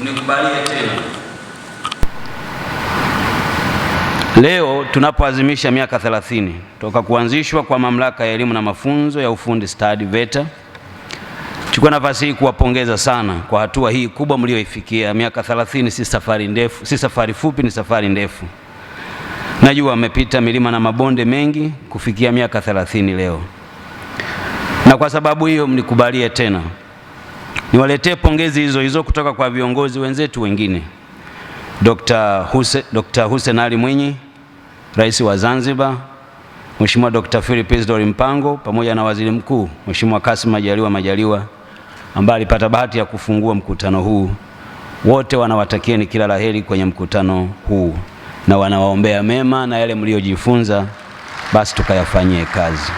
mnikubalie tena. Leo tunapoadhimisha miaka 30 toka kuanzishwa kwa Mamlaka ya Elimu na Mafunzo ya Ufundi Stadi VETA, chukua nafasi hii kuwapongeza sana kwa hatua hii kubwa mlioifikia. Miaka 30 si safari ndefu, si safari fupi, ni safari ndefu. Najua amepita milima na mabonde mengi kufikia miaka 30 leo, na kwa sababu hiyo mnikubalie tena. Niwaletee pongezi hizo hizo kutoka kwa viongozi wenzetu wengine, Dr. Huse, Dr. Hussein Ali Mwinyi, Rais wa Zanzibar, Mheshimiwa Dr. Philip Isdor Mpango pamoja na Waziri Mkuu Mheshimiwa Kassim Majaliwa Majaliwa ambaye alipata bahati ya kufungua mkutano huu. Wote wanawatakieni kila laheri kwenye mkutano huu na wanawaombea mema na yale mliyojifunza basi tukayafanyie kazi.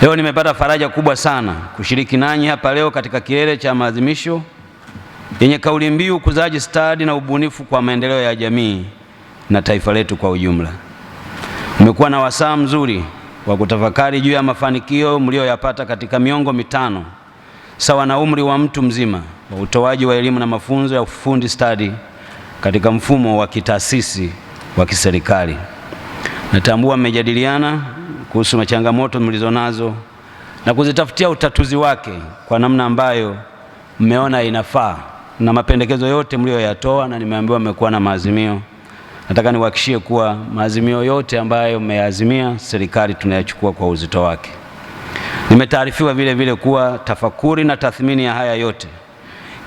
Leo nimepata faraja kubwa sana kushiriki nanyi hapa leo katika kilele cha maadhimisho yenye kauli mbiu ukuzaji stadi na ubunifu kwa maendeleo ya jamii na taifa letu kwa ujumla. mmekuwa na wasaa mzuri wa kutafakari juu ya mafanikio mlioyapata katika miongo mitano sawa na umri wa mtu mzima wa utoaji wa elimu na mafunzo ya ufundi stadi katika mfumo wa kitaasisi wa kiserikali. Natambua mmejadiliana kuhusu machangamoto mlizonazo na kuzitafutia utatuzi wake kwa namna ambayo mmeona inafaa, na mapendekezo yote mliyoyatoa, na nimeambiwa mmekuwa na maazimio. Nataka niwahakishie kuwa maazimio yote ambayo mmeyaazimia, serikali tunayachukua kwa uzito wake. Nimetaarifiwa vile vile kuwa tafakuri na tathmini ya haya yote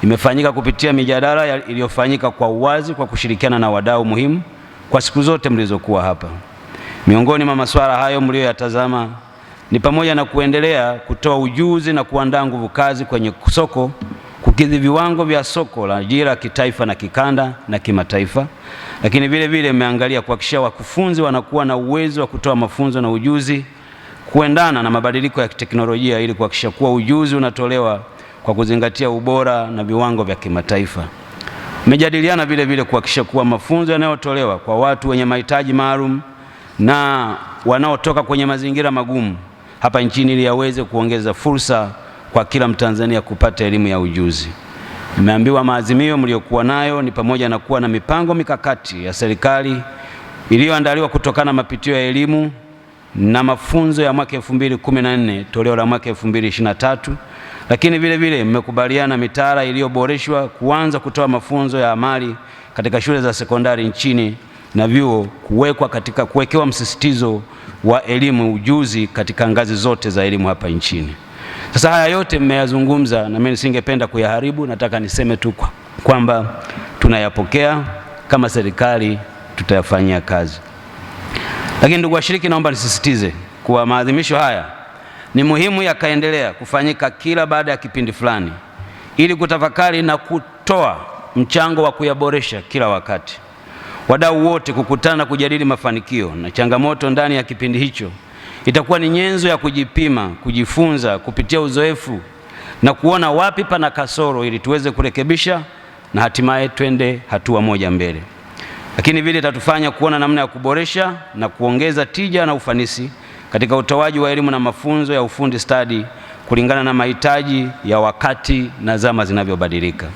imefanyika kupitia mijadala iliyofanyika kwa uwazi kwa kushirikiana na wadau muhimu kwa siku zote mlizokuwa hapa. Miongoni mwa masuala hayo mliyoyatazama ni pamoja na kuendelea kutoa ujuzi na kuandaa nguvu kazi kwenye soko, kukidhi viwango vya soko la ajira kitaifa na kikanda na kimataifa. Lakini vile vile imeangalia kuhakikisha wakufunzi wanakuwa na uwezo wa kutoa mafunzo na ujuzi kuendana na mabadiliko ya teknolojia ili kuhakikisha kuwa ujuzi unatolewa kwa kuzingatia ubora na viwango vya kimataifa. mmejadiliana vile vile kuhakikisha kuwa mafunzo yanayotolewa kwa watu wenye mahitaji maalum na wanaotoka kwenye mazingira magumu hapa nchini ili yaweze kuongeza fursa kwa kila Mtanzania kupata elimu ya ujuzi. Nimeambiwa maazimio mliokuwa nayo ni pamoja na kuwa na mipango mikakati ya serikali iliyoandaliwa kutokana na mapitio ya elimu na mafunzo ya mwaka 2014 toleo la mwaka 2023, lakini vile vile mmekubaliana mitaala iliyoboreshwa kuanza kutoa mafunzo ya amali katika shule za sekondari nchini na vyuo kuwekwa katika kuwekewa msisitizo wa elimu ujuzi katika ngazi zote za elimu hapa nchini. Sasa haya yote mmeyazungumza, na mimi nisingependa kuyaharibu. Nataka niseme tu kwamba tunayapokea kama serikali, tutayafanyia kazi. Lakini ndugu washiriki, naomba nisisitize kuwa maadhimisho haya ni muhimu yakaendelea kufanyika kila baada ya kipindi fulani, ili kutafakari na kutoa mchango wa kuyaboresha kila wakati wadau wote kukutana na kujadili mafanikio na changamoto ndani ya kipindi hicho. Itakuwa ni nyenzo ya kujipima, kujifunza kupitia uzoefu na kuona wapi pana kasoro ili tuweze kurekebisha na hatimaye twende hatua moja mbele. Lakini vile itatufanya kuona namna ya kuboresha na kuongeza tija na ufanisi katika utoaji wa elimu na mafunzo ya ufundi stadi kulingana na mahitaji ya wakati na zama zinavyobadilika.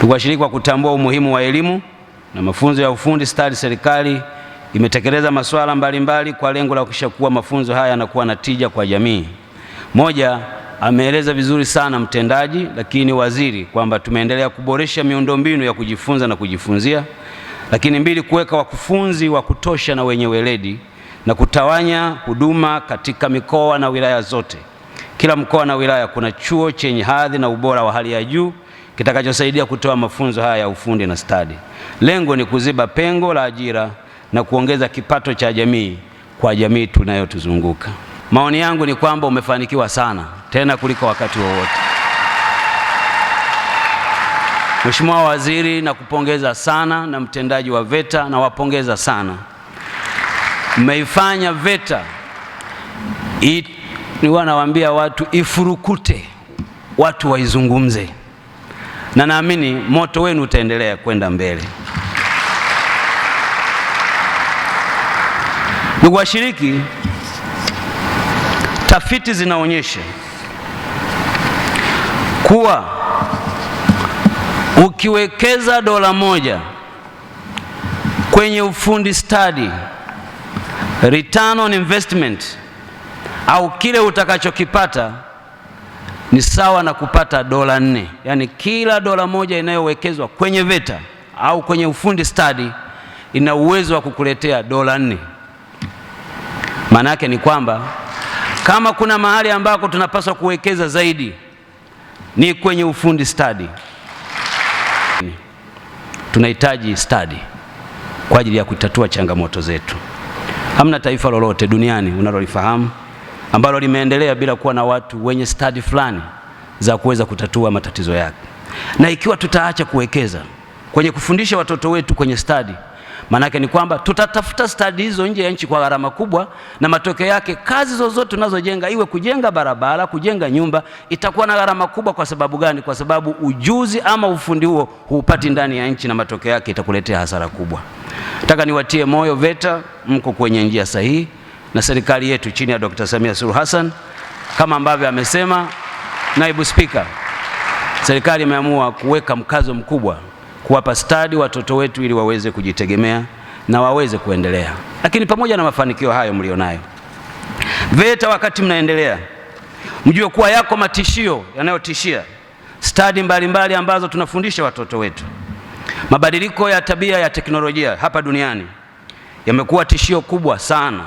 Tukuwashiriki kwa kutambua umuhimu wa elimu na mafunzo ya ufundi stadi, serikali imetekeleza masuala mbalimbali kwa lengo la kuhakikisha kuwa mafunzo haya yanakuwa na tija kwa jamii. Moja, ameeleza vizuri sana mtendaji, lakini waziri kwamba tumeendelea kuboresha miundombinu ya kujifunza na kujifunzia. Lakini mbili, kuweka wakufunzi wa kutosha na wenye weledi na kutawanya huduma katika mikoa na wilaya zote. Kila mkoa na wilaya kuna chuo chenye hadhi na ubora wa hali ya juu kitakachosaidia kutoa mafunzo haya ya ufundi na stadi. Lengo ni kuziba pengo la ajira na kuongeza kipato cha jamii kwa jamii tunayotuzunguka. Maoni yangu ni kwamba umefanikiwa sana tena kuliko wakati wowote wa Mheshimiwa Waziri, nakupongeza sana na mtendaji wa VETA nawapongeza sana. Mmeifanya VETA niwanawaambia watu ifurukute, watu waizungumze na naamini moto wenu utaendelea kwenda mbele. Ndugu washiriki, tafiti zinaonyesha kuwa ukiwekeza dola moja kwenye ufundi stadi, return on investment au kile utakachokipata ni sawa na kupata dola nne. Yaani kila dola moja inayowekezwa kwenye VETA au kwenye ufundi stadi ina uwezo wa kukuletea dola nne. Maana yake ni kwamba kama kuna mahali ambako tunapaswa kuwekeza zaidi ni kwenye ufundi stadi. Tunahitaji stadi kwa ajili ya kutatua changamoto zetu. Hamna taifa lolote duniani unalolifahamu ambalo limeendelea bila kuwa na watu wenye stadi fulani za kuweza kutatua matatizo yake. Na ikiwa tutaacha kuwekeza kwenye kufundisha watoto wetu kwenye stadi, maanake ni kwamba tutatafuta stadi hizo nje ya nchi kwa gharama kubwa, na matokeo yake kazi zozote tunazojenga, iwe kujenga barabara, kujenga nyumba, itakuwa na gharama kubwa. Kwa sababu gani? Kwa sababu ujuzi ama ufundi huo huupati ndani ya nchi, na matokeo yake itakuletea hasara kubwa. Nataka niwatie moyo VETA, mko kwenye njia sahihi na serikali yetu chini ya Dr. Samia Suluhu Hassan. Kama ambavyo amesema naibu spika, serikali imeamua kuweka mkazo mkubwa kuwapa stadi watoto wetu ili waweze kujitegemea na waweze kuendelea. Lakini pamoja na mafanikio hayo mlionayo, VETA, wakati mnaendelea, mjue kuwa yako matishio yanayotishia stadi mbalimbali ambazo tunafundisha watoto wetu. Mabadiliko ya tabia ya teknolojia hapa duniani yamekuwa tishio kubwa sana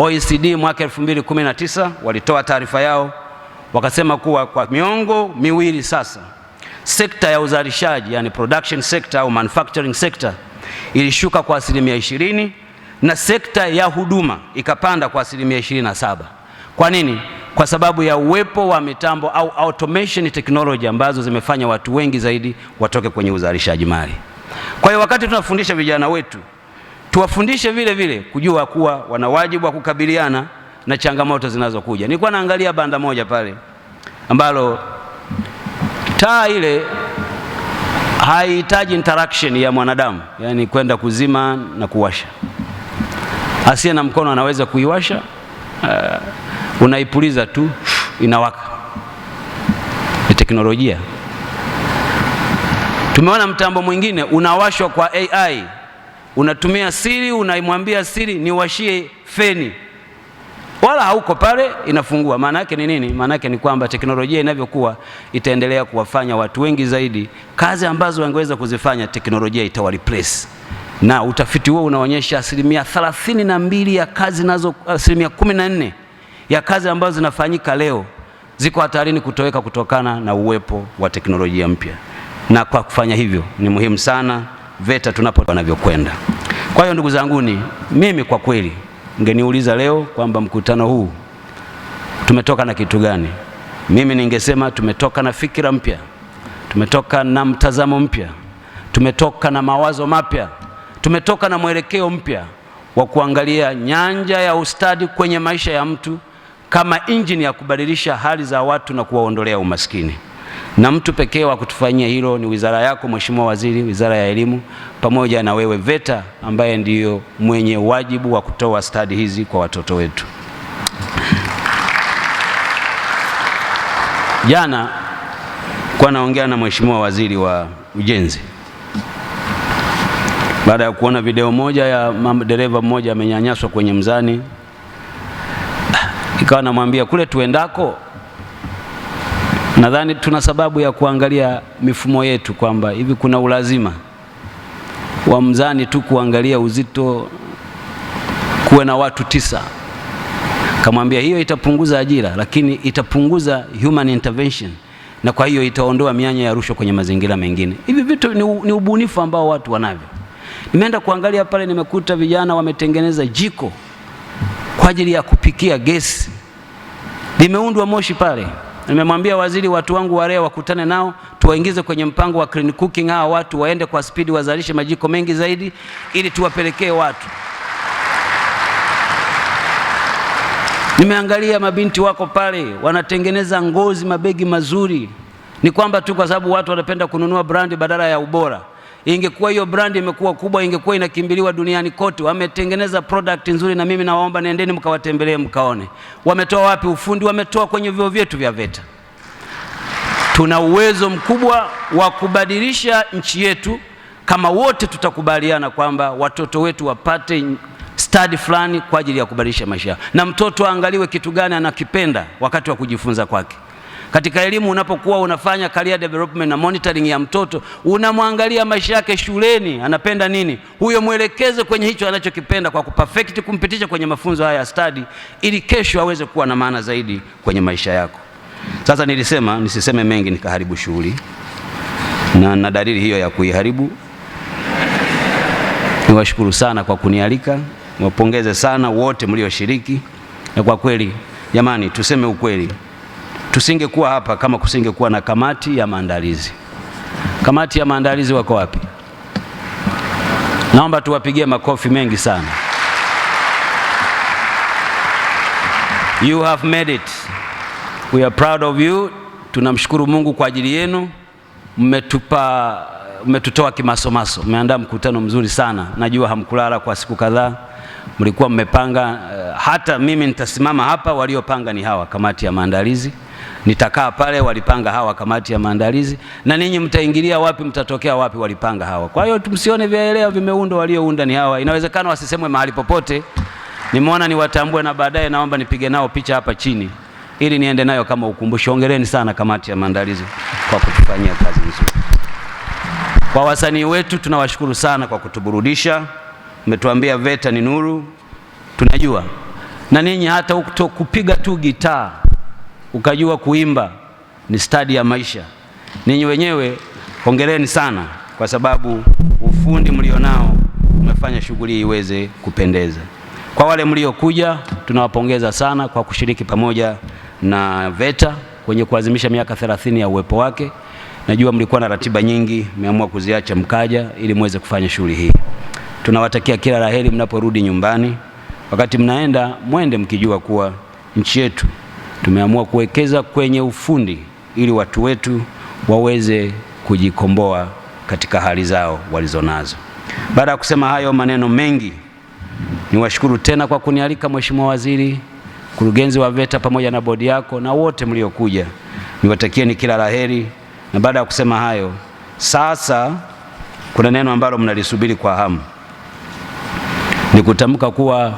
OECD mwaka 2019 walitoa taarifa yao wakasema kuwa kwa miongo miwili sasa sekta ya uzalishaji yani production sector au manufacturing sector ilishuka kwa asilimia 20 na sekta ya huduma ikapanda kwa asilimia 27. Kwa nini? Kwa sababu ya uwepo wa mitambo au automation technology ambazo zimefanya watu wengi zaidi watoke kwenye uzalishaji mali. Kwa hiyo wakati tunafundisha vijana wetu tuwafundishe vile vile kujua kuwa wana wajibu wa kukabiliana na changamoto zinazokuja. Nilikuwa naangalia banda moja pale ambalo taa ile haihitaji interaction ya mwanadamu, yani kwenda kuzima na kuwasha. Asiye na mkono anaweza kuiwasha. Uh, unaipuliza tu inawaka. Ni teknolojia. Tumeona mtambo mwingine unawashwa kwa AI unatumia siri, unamwambia siri niwashie feni, wala hauko pale, inafungua. Maana yake ni nini? Maana yake ni kwamba teknolojia inavyokuwa itaendelea kuwafanya watu wengi zaidi kazi ambazo wangeweza kuzifanya, teknolojia itawareplace na utafiti huo unaonyesha asilimia thelathini na mbili ya kazi nazo, asilimia kumi na nne ya kazi ambazo zinafanyika leo ziko hatarini kutoweka kutokana na uwepo wa teknolojia mpya, na kwa kufanya hivyo ni muhimu sana VETA tunapo wanavyokwenda. Kwa hiyo ndugu zanguni, mimi kwa kweli ngeniuliza leo kwamba mkutano huu tumetoka na kitu gani, mimi ningesema tumetoka na fikira mpya, tumetoka na mtazamo mpya, tumetoka na mawazo mapya, tumetoka na mwelekeo mpya wa kuangalia nyanja ya ustadi kwenye maisha ya mtu kama injini ya kubadilisha hali za watu na kuwaondolea umaskini na mtu pekee wa kutufanyia hilo ni wizara yako Mheshimiwa Waziri, wizara ya elimu, pamoja na wewe VETA ambaye ndiyo mwenye wajibu wa kutoa stadi hizi kwa watoto wetu. Jana kwa naongea na Mheshimiwa Waziri wa Ujenzi baada ya kuona video moja ya dereva mmoja amenyanyaswa kwenye mzani, ikawa namwambia kule tuendako Nadhani tuna sababu ya kuangalia mifumo yetu kwamba hivi kuna ulazima wa mzani tu kuangalia uzito kuwe na watu tisa. Kamwambia hiyo itapunguza ajira, lakini itapunguza human intervention na kwa hiyo itaondoa mianya ya rushwa kwenye mazingira mengine. Hivi vitu ni, ni ubunifu ambao watu wanavyo. Nimeenda kuangalia pale, nimekuta vijana wametengeneza jiko kwa ajili ya kupikia gesi, limeundwa moshi pale. Nimemwambia waziri watu wangu wa wakutane nao tuwaingize kwenye mpango wa clean cooking, hawa watu waende kwa spidi wazalishe majiko mengi zaidi ili tuwapelekee watu. Nimeangalia mabinti wako pale wanatengeneza ngozi, mabegi mazuri. Ni kwamba tu kwa sababu watu wanapenda kununua brandi badala ya ubora. Ingekuwa hiyo brand imekuwa kubwa, ingekuwa inakimbiliwa duniani kote. Wametengeneza product nzuri, na mimi nawaomba nendeni mkawatembelee mkaone wametoa wapi ufundi. Wametoa kwenye vyuo vyetu vya VETA. Tuna uwezo mkubwa wa kubadilisha nchi yetu kama wote tutakubaliana kwamba watoto wetu wapate stadi fulani kwa ajili ya kubadilisha maisha yao, na mtoto aangaliwe kitu gani anakipenda wakati wa kujifunza kwake. Katika elimu unapokuwa unafanya career development na monitoring ya mtoto, unamwangalia maisha yake shuleni, anapenda nini, huyo mwelekeze kwenye hicho anachokipenda kwa kuperfect, kumpitisha kwenye mafunzo haya ya study, ili kesho aweze kuwa na maana zaidi kwenye maisha yako. Sasa nilisema nisiseme mengi nikaharibu shughuli, na na dalili hiyo ya kuiharibu. Niwashukuru sana kwa kunialika, niwapongeze sana wote mlioshiriki, na kwa kweli jamani, tuseme ukweli Tusingekuwa hapa kama kusingekuwa na kamati ya maandalizi. Kamati ya maandalizi wako wapi? Naomba tuwapigie makofi mengi sana. You have made it. We are proud of you. Tunamshukuru Mungu kwa ajili yenu. Mmetupa, mmetutoa kimasomaso. Mmeandaa mkutano mzuri sana. Najua hamkulala kwa siku kadhaa, mlikuwa mmepanga. Eh, hata mimi nitasimama hapa, waliopanga ni hawa, kamati ya maandalizi nitakaa pale, walipanga hawa kamati ya maandalizi, na ninyi mtaingilia wapi? Mtatokea wapi? Walipanga hawa. Kwa hiyo tumsione vyaelewa vimeundwa, waliounda ni hawa. Inawezekana wasisemwe mahali popote, nimeona niwatambue, na baadaye naomba nipige nao picha hapa chini ili niende nayo kama ukumbusho. Ongeleni sana kamati ya maandalizi kwa kutufanyia kazi nzuri. Kwa wasanii wetu tunawashukuru sana kwa kutuburudisha, mmetuambia VETA ni nuru, tunajua na ninyi hata kupiga tu gitaa ukajua kuimba ni stadi ya maisha. Ninyi wenyewe hongereni sana, kwa sababu ufundi mlionao umefanya shughuli iweze kupendeza. Kwa wale mliokuja, tunawapongeza sana kwa kushiriki pamoja na VETA kwenye kuadhimisha miaka 30 ya uwepo wake. Najua mlikuwa na ratiba nyingi, mmeamua kuziacha mkaja ili muweze kufanya shughuli hii. Tunawatakia kila laheri mnaporudi nyumbani. Wakati mnaenda, mwende mkijua kuwa nchi yetu tumeamua kuwekeza kwenye ufundi ili watu wetu waweze kujikomboa katika hali zao walizonazo. Baada ya kusema hayo maneno mengi, niwashukuru tena kwa kunialika Mheshimiwa Waziri, mkurugenzi wa VETA pamoja na bodi yako na wote mliokuja, niwatakieni kila laheri. Na baada ya kusema hayo, sasa kuna neno ambalo mnalisubiri kwa hamu, ni kutamka kuwa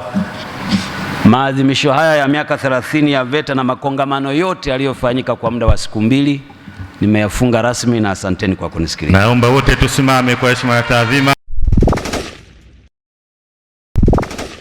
Maadhimisho haya ya miaka 30 ya VETA na makongamano yote yaliyofanyika kwa muda wa siku mbili nimeyafunga rasmi, na asanteni kwa kunisikiliza. Naomba wote tusimame kwa heshima ya taadhima.